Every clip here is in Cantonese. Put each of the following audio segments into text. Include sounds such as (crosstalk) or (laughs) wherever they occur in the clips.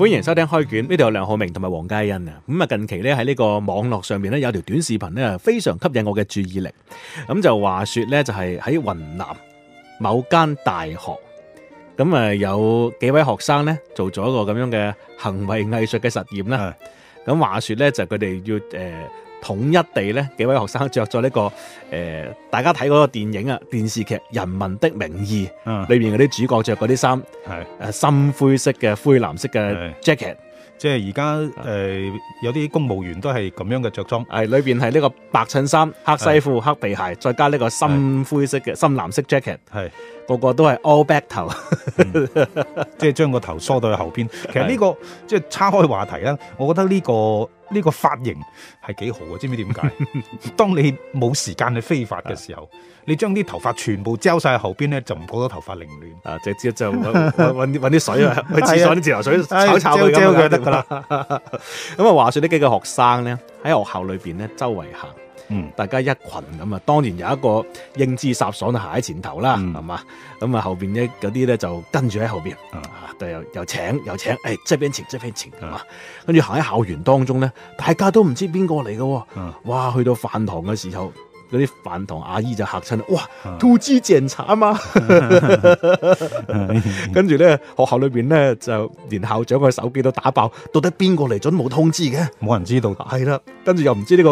歡迎收聽開卷，呢度有梁浩明同埋黃嘉欣啊。咁啊，近期咧喺呢個網絡上邊咧有條短視頻咧非常吸引我嘅注意力。咁就話說咧，就係喺雲南某間大學，咁啊有幾位學生咧做咗一個咁樣嘅行為藝術嘅實驗啦。咁話說咧，就係佢哋要誒。統一地咧，幾位學生着咗呢個、呃、大家睇嗰個電影啊、電視劇《人民的名義》裏、嗯、面嗰啲主角着嗰啲衫，係是深灰色嘅、灰藍色嘅 jacket，即係而家誒有啲公務員都係咁樣嘅着裝。係裏邊係呢個白襯衫、黑西褲、是黑皮鞋，再加呢個深灰色嘅是深藍色 jacket。個個都係 all back 頭，即係將個頭梳到去後邊。其實呢、呢個即係岔開話題啦。我覺得呢、呢個呢、呢個髮型係幾好嘅，知唔知點解？ (laughs) 當你冇時間去飛髮嘅時候，的你將啲頭髮全部焦晒喺後邊咧，就唔覺得頭髮凌亂。啊，就即係就搵搵啲啲水啊， (laughs) 去廁所啲自來水的炒炒佢咁得噶啦。咁啊、 (laughs) 嗯，話說呢幾個學生咧喺學校裏邊咧周圍行。嗯，大家一群，咁啊，當然有一個英姿颯爽行喺前頭啦，係嘛，嗯？咁啊後邊咧嗰啲咧就跟住喺後邊，啊、嗯，又又請又請，誒，呢、哎、邊請呢邊請，係嘛，嗯？跟住行喺校園當中咧，大家都唔知邊個嚟嘅喎，嗯、哇！去到飯堂嘅時候。嗰啲飯堂阿姨就嚇親，哇！突擊檢查嘛， (laughs) (laughs) 跟住咧學校裏面咧就連校長個手機都打爆，到底邊個嚟準冇通知嘅？冇人知道。係啦，跟住又唔知呢個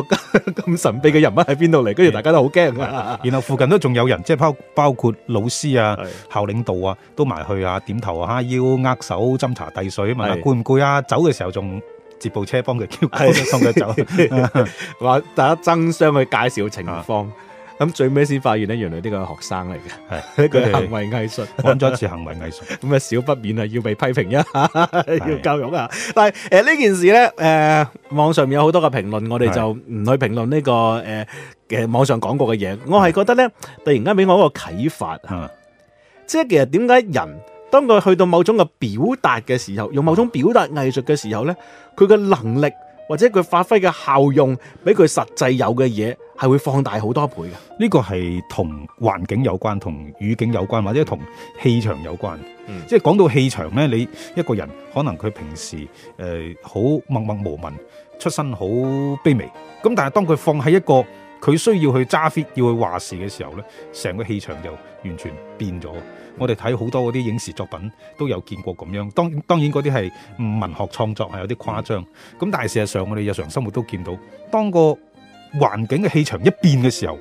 咁神秘嘅人物喺邊度嚟，跟住大家都好驚。 (laughs) 然後附近都仲有人，即係包包括老師啊、 (laughs) 校領導啊都埋去啊，點頭啊，要握手斟茶遞水，問攰唔攰啊？走嘅時候仲。接部車幫佢叫，送佢走，話大家爭相去介紹情況，咁最尾先發現咧，原來呢個係學生嚟嘅，係佢行為藝術，講咗一次行為藝術，咁啊少不免啊要被批評一下，要教育啊，但係誒呢件事咧，誒網上面有好多嘅評論，我哋就唔去評論呢個誒嘅網上講過嘅嘢，我係覺得咧，突然間俾我一個啟發，即係其實點解人？當佢去到某種嘅表達嘅時候，用某種表達藝術嘅時候呢，佢嘅能力或者佢發揮嘅效用，比佢實際有嘅嘢係會放大好多倍嘅。呢個係同環境有關，同語境有關，或者同氣場有關。嗯，即係講到氣場呢，你一個人可能佢平時誒好默默無聞，出身好卑微，咁但係當佢放喺一個佢需要去揸 fit，要去話事嘅時候呢，成個氣場就完全變咗。我哋睇好多嗰啲影視作品都有見過咁樣，當然當然嗰啲係文學創作，係有啲誇張，咁但係事實上我哋日常生活都見到，當個環境嘅氣場一變嘅時候，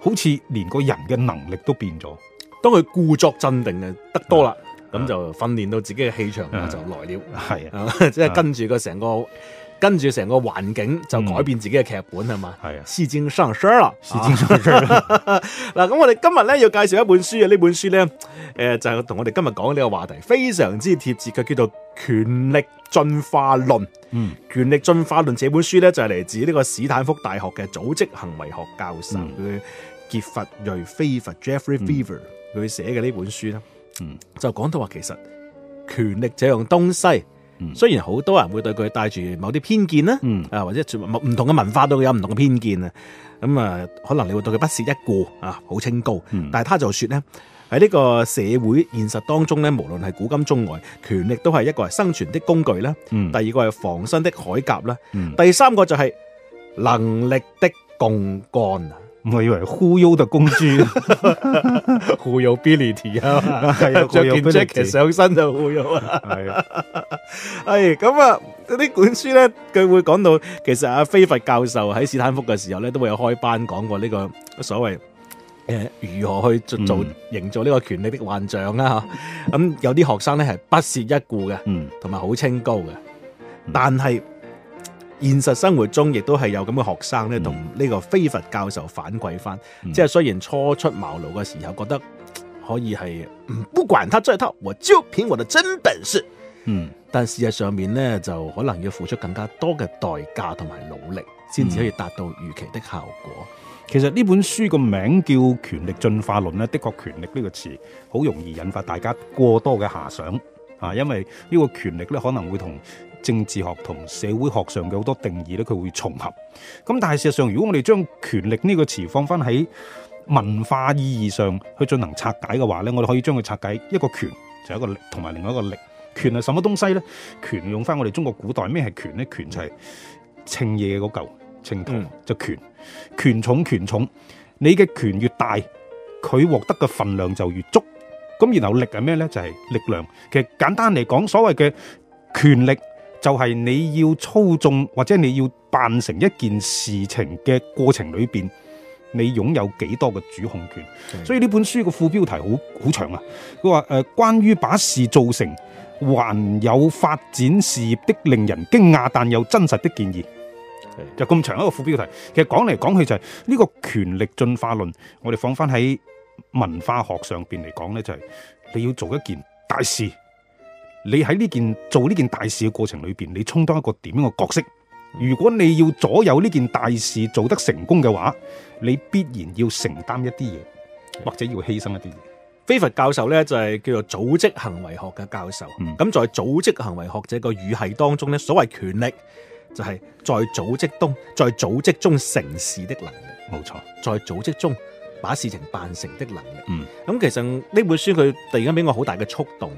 好似連個人嘅能力都變咗。當佢故作鎮定啊得多啦，咁就訓練到自己嘅氣場就來了，係啊，即係 (laughs) 跟住個成個。跟住成個環境就改變自己嘅劇本係嘛，施展、嗯、吧啊，身手啦，施展身手啦、啊。嗱，咁、啊、 (laughs) 我哋今日咧要介紹一本書啊，呢本書咧，誒、呃，就係同我哋今日講呢個話題非常之貼切，叫做《權力進化論》。嗯，《權力進化論》這本書咧就係、是、嚟自呢個史坦福大學嘅組織行為學教授佢、嗯、傑弗瑞非佛、嗯·菲佛 （Jeffrey Fever 佢寫嘅呢本書啦。嗯，就講到話其實權力這樣東西。雖然好多人會對佢帶住某啲偏見啦，啊、嗯、或者唔同嘅文化都有唔同嘅偏見啊，咁啊可能你會對佢不屑一顧啊，好清高。嗯、但係他就說呢，喺呢個社會現實當中咧，無論係古今中外，權力都係一個係生存的工具啦。嗯、第二個係防身的鎧甲啦。嗯、第三個就係能力的槓桿。.我以為忽悠的工具，忽悠 bility 啊，着件 jacket 上身就忽悠啊，係 (laughs) 對，咁啊嗰啲管書咧，佢會講到，其實阿、啊、菲佛教授喺斯坦福嘅時候咧，都會有開班講過呢、這個所謂，誒、呃，如何去做做營造呢個權力的幻象啊，咁、嗯嗯嗯、有啲學生咧係不屑一顧嘅，同埋好清高嘅，嗯、但係。現實生活中，亦都係有咁嘅學生咧，同呢、嗯、個非佛教授反饋翻，即係、嗯、雖然初出茅廬嘅時候覺得可以係不管他這套，我就憑我的真本事。嗯，但事實上面呢，就可能要付出更加多嘅代價同埋努力，先至、嗯、可以達到預期的效果。其實呢本書個名叫《權力進化論》呢，的確權力呢個詞好容易引發大家過多嘅遐想啊，因為呢個權力呢可能會同。政治學同社會學上嘅好多定義咧，佢會重合。咁但係事實上，如果我哋將權力呢個詞放翻喺文化意義上去進行拆解嘅話咧，我哋可以將佢拆解一個權就係，一個力，同埋另外一個力。權係什麼東西咧？權用翻我哋中國古代咩係權咧？權就係稱嘢嘅嗰嚿稱砣，清嗯、就權。權重權重，你嘅權越大，佢獲得嘅份量就越足。咁然後力係咩咧？就係、係、力量。其實簡單嚟講，所謂嘅權力。就係你要操縱或者你要辦成一件事情嘅過程裏邊，你擁有幾多個主控權？的所以呢本書嘅副標題好好長啊！佢話誒，關於把事做成，還有發展事業的令人驚訝但又真實的建議，的就咁長一個副標題。其實講嚟講去就係、是、呢、這個權力進化論。我哋放翻喺文化學上邊嚟講呢就係、是、你要做一件大事。你喺呢件做呢件大事嘅過程裏邊，你充當一個點樣嘅角色？如果你要左右呢件大事做得成功嘅話，你必然要承擔一啲嘢，或者要犧牲一啲嘢。菲佛教授咧就係叫做組織行為學嘅教授，嗯，咁在組織行為學這個語系當中咧，所謂權力就係在組織中在組織中成事的能力。冇錯，在組織中。把事情辦成的能力。咁、嗯、其實呢本書佢突然間俾我好大嘅觸動，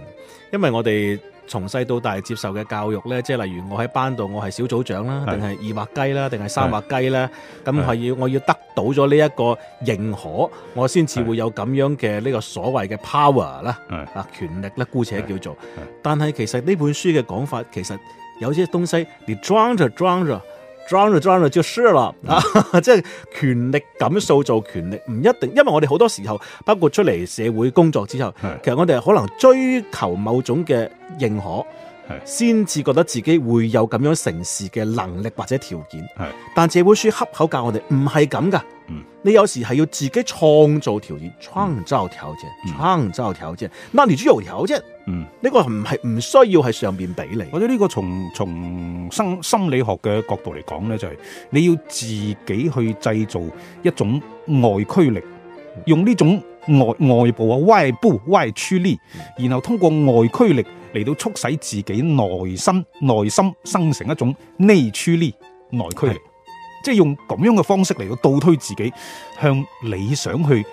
因為我哋從細到大接受嘅教育咧，即係例如我喺班度，我係小組長啦，定係是二畫雞啦，定係三畫雞啦，咁係要我要得到咗呢一個認可，是我先至會有咁樣嘅呢個所謂嘅 power 啦是，啊權力咧，姑且叫做。是是但係其實呢本書嘅講法，其實有啲東西，你裝着裝着。d r a d r a 即係 share 即係權力，咁塑造權力，唔一定，因為我哋好多時候，包括出嚟社會工作之後，mm hmm. 其實我哋可能追求某種嘅認可，先至、mm hmm. 覺得自己會有咁樣成事嘅能力或者條件。Mm hmm. 但社本書恰口教我哋唔係咁噶。你有時係要自己創造條件、創造條件、創、嗯、造條件，那你就有條件。嗯，呢個唔係唔需要喺上邊俾你。或者呢個從從生心理學嘅角度嚟講咧，就係你要自己去製造一種外驅力，用呢種外外部啊外部外驅力，然後通過外驅力嚟到促使自己內心內心生成一種內驅力，內驅力。即係用咁樣嘅方式嚟到倒推自己向理想去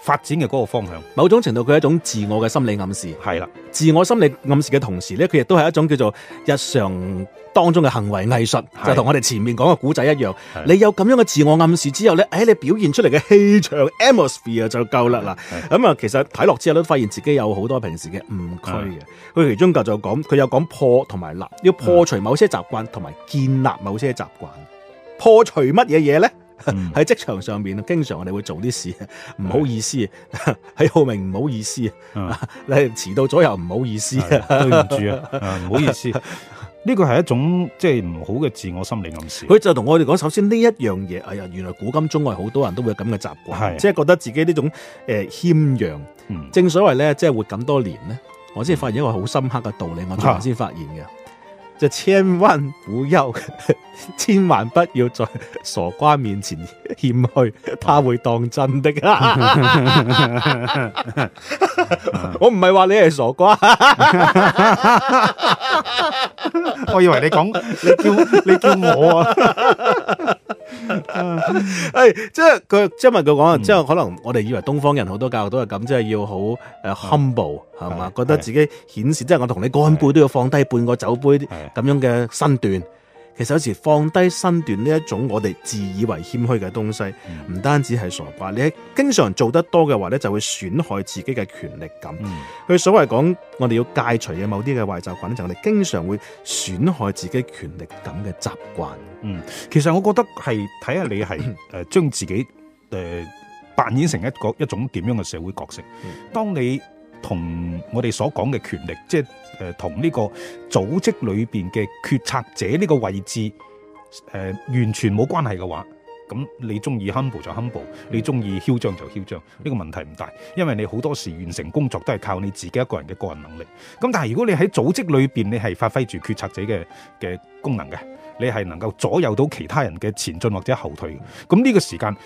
發展嘅嗰個方向，某種程度佢係一種自我嘅心理暗示，係啦的。自我心理暗示嘅同時咧，佢亦都係一種叫做日常當中嘅行為藝術，的就同我哋前面講嘅古仔一樣。的你有咁樣嘅自我暗示之後咧，誒、哎，你表現出嚟嘅氣場 atmosphere 啊就夠啦咁啊，的其實睇落之後都發現自己有好多平時嘅誤區嘅。佢的其中就就講，佢有講破同埋立，要破除某些習慣，同埋的建立某些習慣。破除乜嘢嘢咧？喺、嗯、職場上面啊，經常我哋會做啲事，唔好意思，喺浩明唔好意思，你遲、嗯、 (laughs) 到咗又唔好意思啊，對唔住啊，唔好意思。呢個係一種即係唔好嘅自我心理暗示。佢就同我哋講，首先呢一樣嘢，哎呀，原來古今中外好多人都會有咁嘅習慣，是的即係覺得自己呢種誒、呃、謙讓。嗯、正所謂咧，即係活咁多年咧，我先發現一個好深刻嘅道理，我最近先發現嘅。就千萬不要，千萬不要在傻瓜面前謙虛，他會當真的啊。 (laughs) (laughs) 我唔係話你係傻瓜， (laughs) (laughs) 我以為你講，你叫你叫我啊。 (laughs) 係、 (laughs) 嗯， (laughs) 即係佢，即係問佢講啊，即係可能我哋以為東方人好多教育都係咁，即係要好誒，humble 係嘛，覺得自己顯示，即係我同你乾杯都要放低半個酒杯咁樣嘅身段。其實有時放低身段呢一種我哋自以為謙虛嘅東西，唔單止係傻瓜，你係經常做得多嘅話呢就會損害自己嘅權力感。佢、嗯、所謂講我哋要戒除嘅某啲嘅壞習慣咧，就係、是、我哋經常會損害自己權力感嘅習慣、嗯。其實我覺得係睇下你係誒將自己誒、呃、扮演成一個一種點樣嘅社會角色，當你，同我哋所講嘅權力，即係誒，同、呃、呢個組織裏邊嘅決策者呢個位置誒、呃，完全冇關係嘅話，咁你中意 humble 就 humble，你中意囂張就囂張，呢個問題唔大，因為你好多時完成工作都係靠你自己一個人嘅個人能力。咁但係如果你喺組織裏邊，你係發揮住決策者嘅嘅功能嘅，你係能夠左右到其他人嘅前進或者後退。咁呢個時間。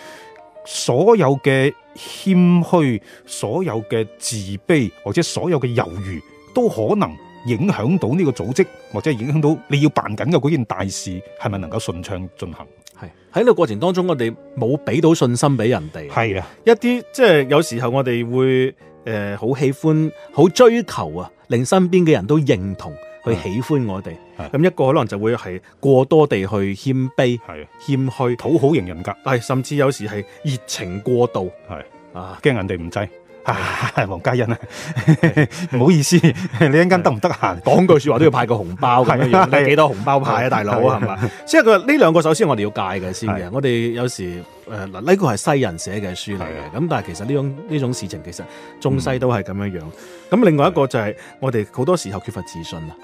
所有嘅謙虛，所有嘅自卑，或者所有嘅猶豫，都可能影響到呢個組織，或者影響到你要辦緊嘅嗰件大事，係咪能夠順暢進行？係喺呢個過程當中，我哋冇俾到信心俾人哋。係啊的，一啲即係有時候我哋會誒好、呃、喜歡，好追求啊，令身邊嘅人都認同，的去喜歡我哋。咁一個可能就會係過多地去謙卑，係謙虛，討好型人格，係甚至有時係熱情過度，係啊，驚人哋唔制。黃嘉欣啊，唔好意思，你一陣間得唔得閒？講句說話都要派個紅包咁樣，幾多紅包派啊，大佬係嘛？即係佢呢兩個，首先我哋要戒嘅先嘅。我哋有時誒嗱，呢個係西人寫嘅書嚟嘅，咁但係其實呢種呢種事情其實中西都係咁樣樣。咁另外一個就係我哋好多時候缺乏自信啊。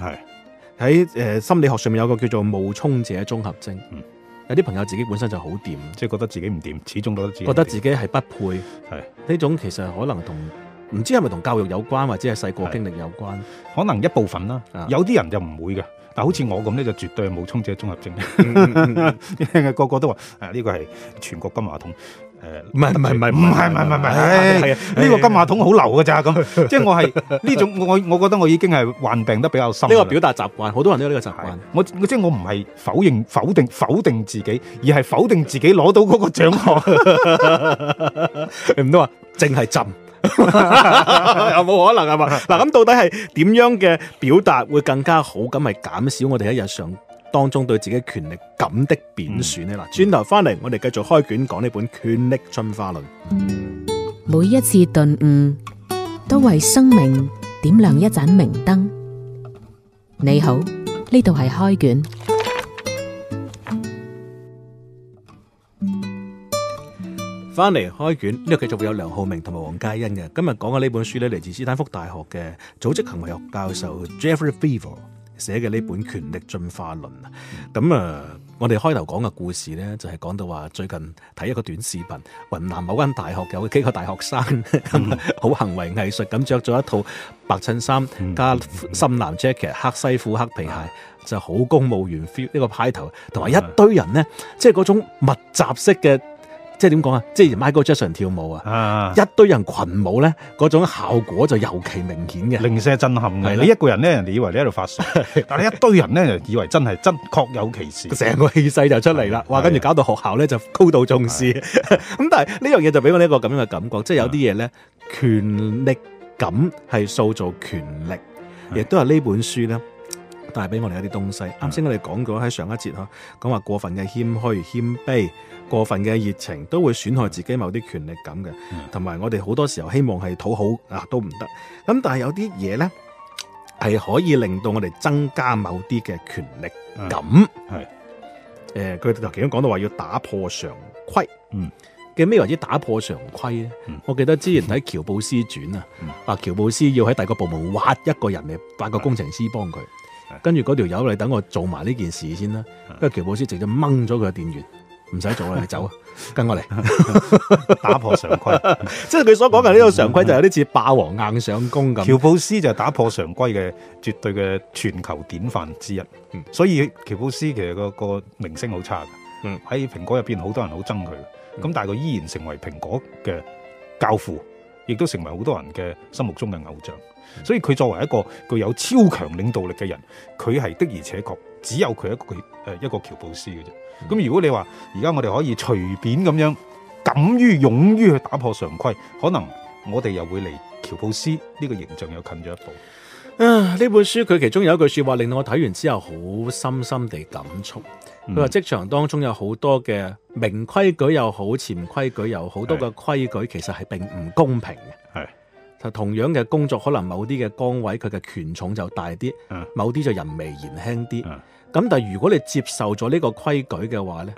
喺誒心理學上面有一個叫做冒充者綜合症。嗯、有啲朋友自己本身就好掂，即係覺得自己唔掂，始終覺得自己覺得自己係不配，係呢是種其實可能同唔知係咪同教育有關，或者係細個經歷有關，可能一部分啦。是有啲人就唔會嘅，但好似我咁咧就絕對係冒充者綜合症。你聽個個都話誒呢個係全國金話筒。誒，唔係唔係唔係唔係唔係唔係，係呢個金話筒好流嘅咋咁？即係 (laughs) 我係呢種我我覺得我已經係患病得比較深。呢個表達習慣，好多人都有呢個習慣。我即係、就是、我唔係否認否定否定自己，而係否定自己攞到嗰個獎項。唔都話啊，淨係浸有冇可能啊嘛？嗱，咁到底係點樣嘅表達會更加好？咁咪減少我哋一日上。當中對自己權力感的貶損咧，嗱、嗯，轉頭翻嚟，我哋繼續開卷講呢本《權力進化論》嗯。每一次頓悟，都為生命點亮一盞明燈。你好，呢度係開卷。翻嚟開卷，呢度繼續會有梁浩明同埋王嘉欣嘅。今日講嘅呢本書咧，嚟自斯坦福大學嘅組織行為學教授 Jeffrey Pfeffer 寫嘅呢本《權力進化論》啊，咁啊、嗯，我哋開頭講嘅故事咧，就係、是、講到話最近睇一個短視頻，雲南某間大學有幾個大學生咁，嗯、 (laughs) 好行為藝術咁，着咗一套白襯衫加深藍 jacket 黑西褲黑皮鞋，嗯、就好公務員 feel，個派頭，同埋一堆人呢，即係嗰種密集式嘅。即係點講啊？即係 Michael Jackson 跳舞啊，一堆人群舞咧，嗰種效果就尤其明顯嘅，零舍震撼嘅。的你一個人咧，人哋以為你喺度發傻； (laughs) 但係你一堆人咧，就以為真係真確有其事，成個氣勢就出嚟啦。的哇！跟住搞到學校咧就高度重視。咁但係呢樣嘢就俾我呢個咁樣嘅感覺，的即係有啲嘢咧，權力感係塑造權力，亦都係呢本書咧。帶俾我哋一啲東西。啱先的我哋講咗喺上一節嗬，講話過分嘅謙虛、謙卑，過分嘅熱情，都會損害自己某啲權力感嘅。同埋的我哋好多時候希望係討好啊都唔得。咁但係有啲嘢咧係可以令到我哋增加某啲嘅權力感。係誒，佢頭先講到話要打破常規。嘅咩為之打破常規咧？嗯、我記得之前喺喬布斯傳、嗯、啊，喬布斯要喺第二個部門挖一個人嚟，挖個工程師幫佢。跟住嗰條友，你等我做埋呢件事先啦，因為是的 喬布斯直接掹咗佢嘅電源，唔使做啦，你走啊， (laughs) 跟我嚟 (laughs) 打破常規 (laughs) 即，即係佢所講嘅呢個常規，就有啲似霸王硬上弓咁。喬布斯就係打破常規嘅絕對嘅全球典範之一，嗯、所以喬布斯其實、那個、那個名聲好差喺、嗯、蘋果入邊好多人好憎佢，咁、嗯、但係佢依然成為蘋果嘅教父。亦都成為好多人嘅心目中嘅偶像，所以佢作為一個具有超強領導力嘅人，佢係的而且確只有佢一個誒一個喬布斯嘅啫。咁如果你話而家我哋可以隨便咁樣，敢於勇於去打破常規，可能我哋又會離喬布斯呢個形象又近咗一步。啊！呢本書佢其中有一句說話令到我睇完之後好深深地感觸。佢話職場當中有好多嘅明規矩是，又好潛規矩，又好多嘅規矩其實係並唔公平嘅。係是同樣嘅工作，可能某啲嘅崗位佢嘅權重就大啲，嗯、某啲就人微言輕啲。咁、嗯、但係如果你接受咗呢個規矩嘅話呢，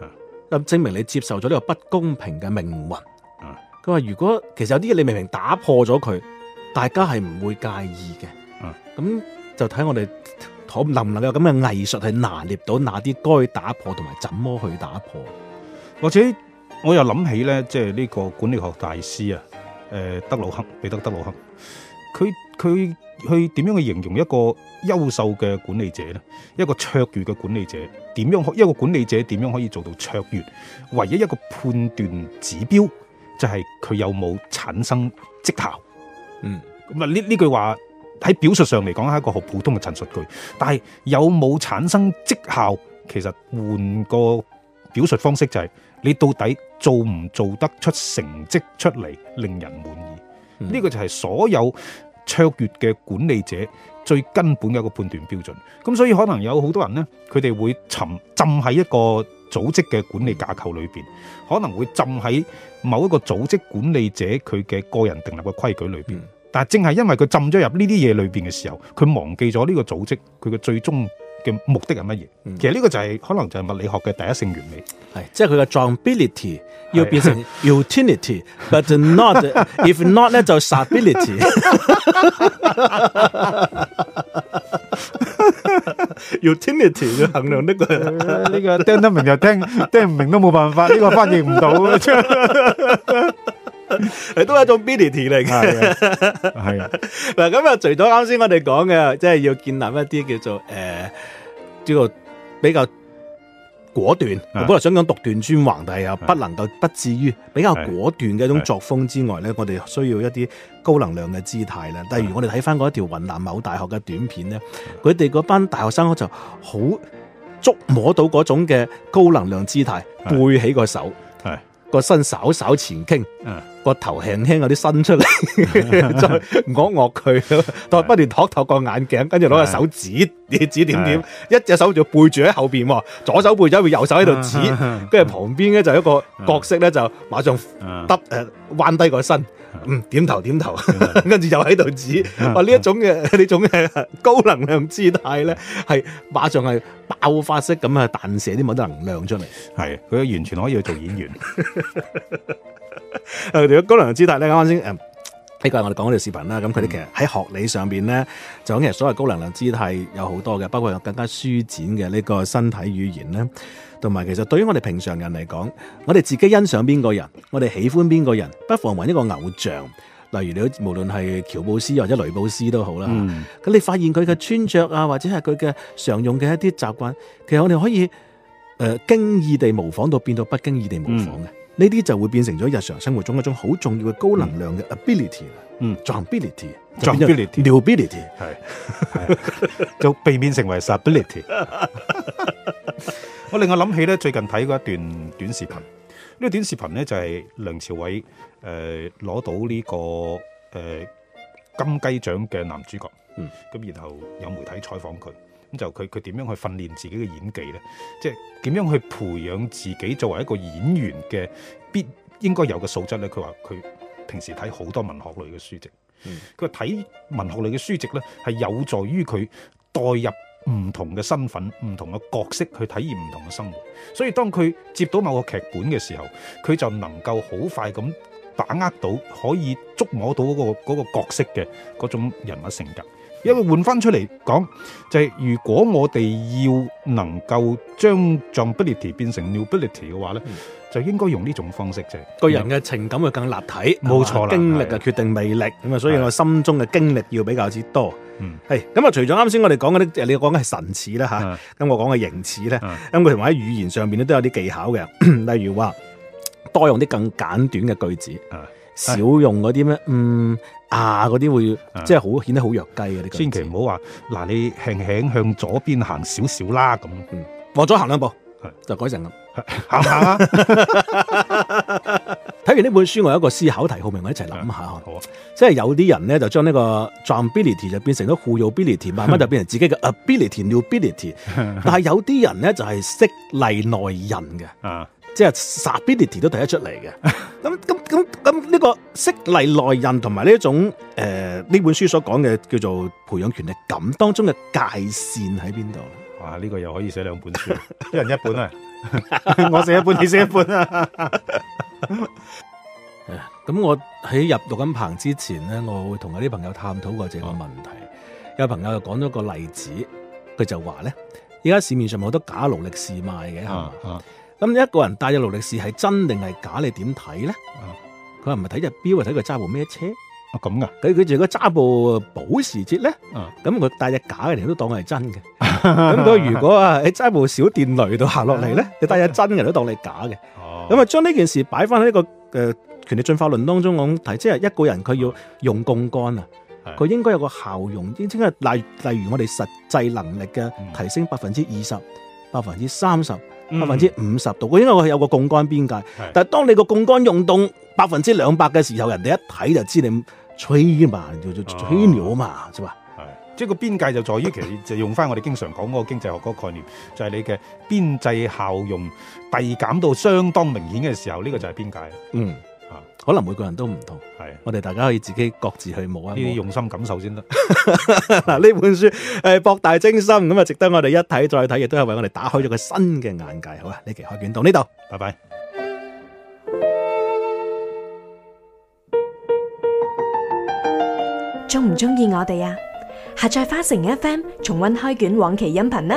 咁、嗯、證明你接受咗呢個不公平嘅命運。佢話、嗯、如果其實有啲嘢你明明打破咗佢，大家係唔會介意嘅。嗯，咁就睇我哋可能唔能夠有咁嘅藝術去拿捏到那啲該打破同埋怎麼去打破的。或者我又諗起咧，即係呢個管理學大師啊，誒、呃、德魯克彼得德魯克，佢佢去點樣去形容一個優秀嘅管理者咧？一個卓越嘅管理者點樣，一個管理者點樣可以做到卓越？唯一一個判斷指標就係、是、佢有冇產生績效。嗯，咁啊呢呢句話。喺表述上嚟講係一個好普通嘅陳述句，但係有冇產生績效？其實換個表述方式就係、是、你到底做唔做得出成績出嚟，令人滿意？呢、嗯、個就係所有卓越嘅管理者最根本嘅一個判斷標準。咁所以可能有好多人呢，佢哋會沉浸喺一個組織嘅管理架構裏邊，可能會浸喺某一個組織管理者佢嘅個人定立嘅規矩裏邊。嗯但正係因為佢浸咗入呢啲嘢裏邊嘅時候，佢忘記咗呢個組織佢嘅最終嘅目的係乜嘢？嗯、其實呢個就係、是、可能就係物理學嘅第一性原理，係即係佢嘅 durability 是要變成 utility，but (laughs) not if not 咧就 stability。 (laughs) utility 就衡量呢、這個呢、 (laughs) 這個聽得明就聽，聽唔明都冇辦法，呢、這個翻譯唔到。 (laughs) 都係一種 ability 嚟嘅，係啊，嗱，咁啊 (laughs) 除咗啱先我哋講嘅，即係要建立一啲叫做誒，叫做比較果斷，的我本來想講獨斷專橫，但係又不能夠不至於比較果斷嘅一種作風之外咧，我哋需要一啲高能量嘅姿態啦。例如我哋睇翻嗰一條雲南某大學嘅短片咧，佢哋嗰班大學生就好捉摸到嗰種嘅高能量姿態，背起個手。個身稍稍前傾，個、啊、頭輕輕有啲伸出嚟，啊、再惡惡佢，再、啊、不斷托托個眼鏡，跟住攞個手指，你指點點，啊、一隻手就背住喺後邊，左手背咗，喺後右手喺度指，跟住、啊啊、旁邊咧就一個角色咧就馬上耷誒彎低個身。嗯，點頭點頭，跟住、嗯、又喺度指，話呢一種嘅呢、嗯、種嘅高能量姿態咧，係馬上係爆發式咁啊，彈射啲乜能量出嚟，係佢完全可以去做演員。 (laughs) 如果高能量姿態咧，啱啱先誒。呢個係我哋講嗰條視頻啦，咁佢哋其實喺學理上邊咧，就講其實所謂高能量姿態有好多嘅，包括有更加舒展嘅呢個身體語言咧，同埋其實對於我哋平常人嚟講，我哋自己欣賞邊個人，我哋喜歡邊個人，不妨揾一個偶像，例如你無論係喬布斯或者雷布斯都好啦，咁、嗯、你發現佢嘅穿着啊，或者係佢嘅常用嘅一啲習慣，其實我哋可以誒，呃、經不經意地模仿到變到不經意地模仿嘅。嗯呢啲就會變成咗日常生活中一種好重要嘅高能量嘅 ability 嗯 jobility drability newability 係，就避免成為 suability (laughs) (laughs) 我令我諗起咧，最近睇過一段短視頻，呢、嗯、個短視頻咧就係梁朝偉誒攞到呢、這個誒、呃、金雞獎嘅男主角，嗯，咁然後有媒體採訪佢。咁就佢佢點樣去訓練自己嘅演技咧？即係點樣去培養自己作為一個演員嘅必應該有嘅素質咧？佢話，佢平時睇好多文學類嘅書籍，佢話睇、嗯、文學類嘅書籍咧係有助於佢代入唔同嘅身份、唔同嘅角色去體驗唔同嘅生活。所以當佢接到某個劇本嘅時候，佢就能夠好快咁把握到可以捉摸到嗰、嗰個嗰個角色嘅嗰種人物性格。因為換翻出嚟講，就係如果我哋要能夠將不 ability 變成 newability 嘅話咧，就應該用呢種方式，就係個人嘅情感會更立體，冇錯啦。經歷啊，決定魅力，咁啊，所以我心中嘅經歷要比較之多。嗯，係咁啊，除咗啱先我哋講嗰啲，你講緊係神似啦，嚇，咁我講嘅形似咧，咁佢同埋喺語言上面咧都有啲技巧嘅，例如話多用啲更簡短嘅句子，少用嗰啲咩嗯。啊！嗰啲會即係好，顯得好弱雞嘅。你千祈唔好話嗱，你輕輕向左邊行少少啦，咁往左行兩步，就改成咁，係嘛？睇完呢本書，我有一個思考題，好明我一齊諗下。即係有啲人咧就將呢個 responsibility 就變成咗富有 ability，慢慢就變成自己嘅 ability new ability。但係有啲人咧就係識內內人嘅，即係 ability 都睇得出嚟嘅。咁咁。咁咁呢個色厲內荏同埋呢一種誒呢、呃、本書所講嘅叫做培養權力感當中嘅界線喺邊度？哇！呢、這個又可以寫兩本書，一 (laughs) 人一本啊！ (laughs) 我寫一本，你寫一本啊！咁、 (laughs) 嗯、我喺入讀緊棚之前咧，我會同我啲朋友探討過這個問題。嗯、有朋友又講咗個例子，佢就話咧，依家市面上好多假勞力士賣嘅。嗯吧咁一個人帶隻勞力士係真定係假，你點睇咧？佢係唔係睇隻錶啊？睇佢揸部咩車？啊，咁噶？佢佢如果揸部保時捷咧，啊、嗯，咁佢帶隻假嘅人都當佢係真嘅。咁 (laughs) 如果如啊，你揸部小電驢度行落嚟咧，你帶隻真嘅，都當你假嘅。哦，咁啊，將呢件事擺翻喺一個誒、呃、權力進化論當中我咁睇即係一個人佢要用槓桿啊，佢的應該有個效用，即係例例如我哋實際能力嘅提升百分之二十、百分之三十。百分之五十度，因為我有個槓桿邊界。是但係當你個槓桿用動百分之兩百嘅時候，人哋一睇就知你吹啊嘛，叫做吹牛啊嘛，係嘛、啊？係吧，即係、這個邊界就在於其實就用返我哋經常講嗰個經濟學嗰個概念，就係、是、你嘅邊際效用遞減到相當明顯嘅時候，呢、這個就係邊界。嗯。可能每個人都唔同？係的我哋大家可以自己各自去摸一摸。呢啲用心感受先得。嗱，呢本書誒博大精深，咁啊值得我哋一睇再睇，亦都係為我哋打開咗個新嘅眼界，好啊！呢期開卷到呢度，拜拜。中唔中意我哋啊？下載花城 FM 重溫開卷往期音頻呢。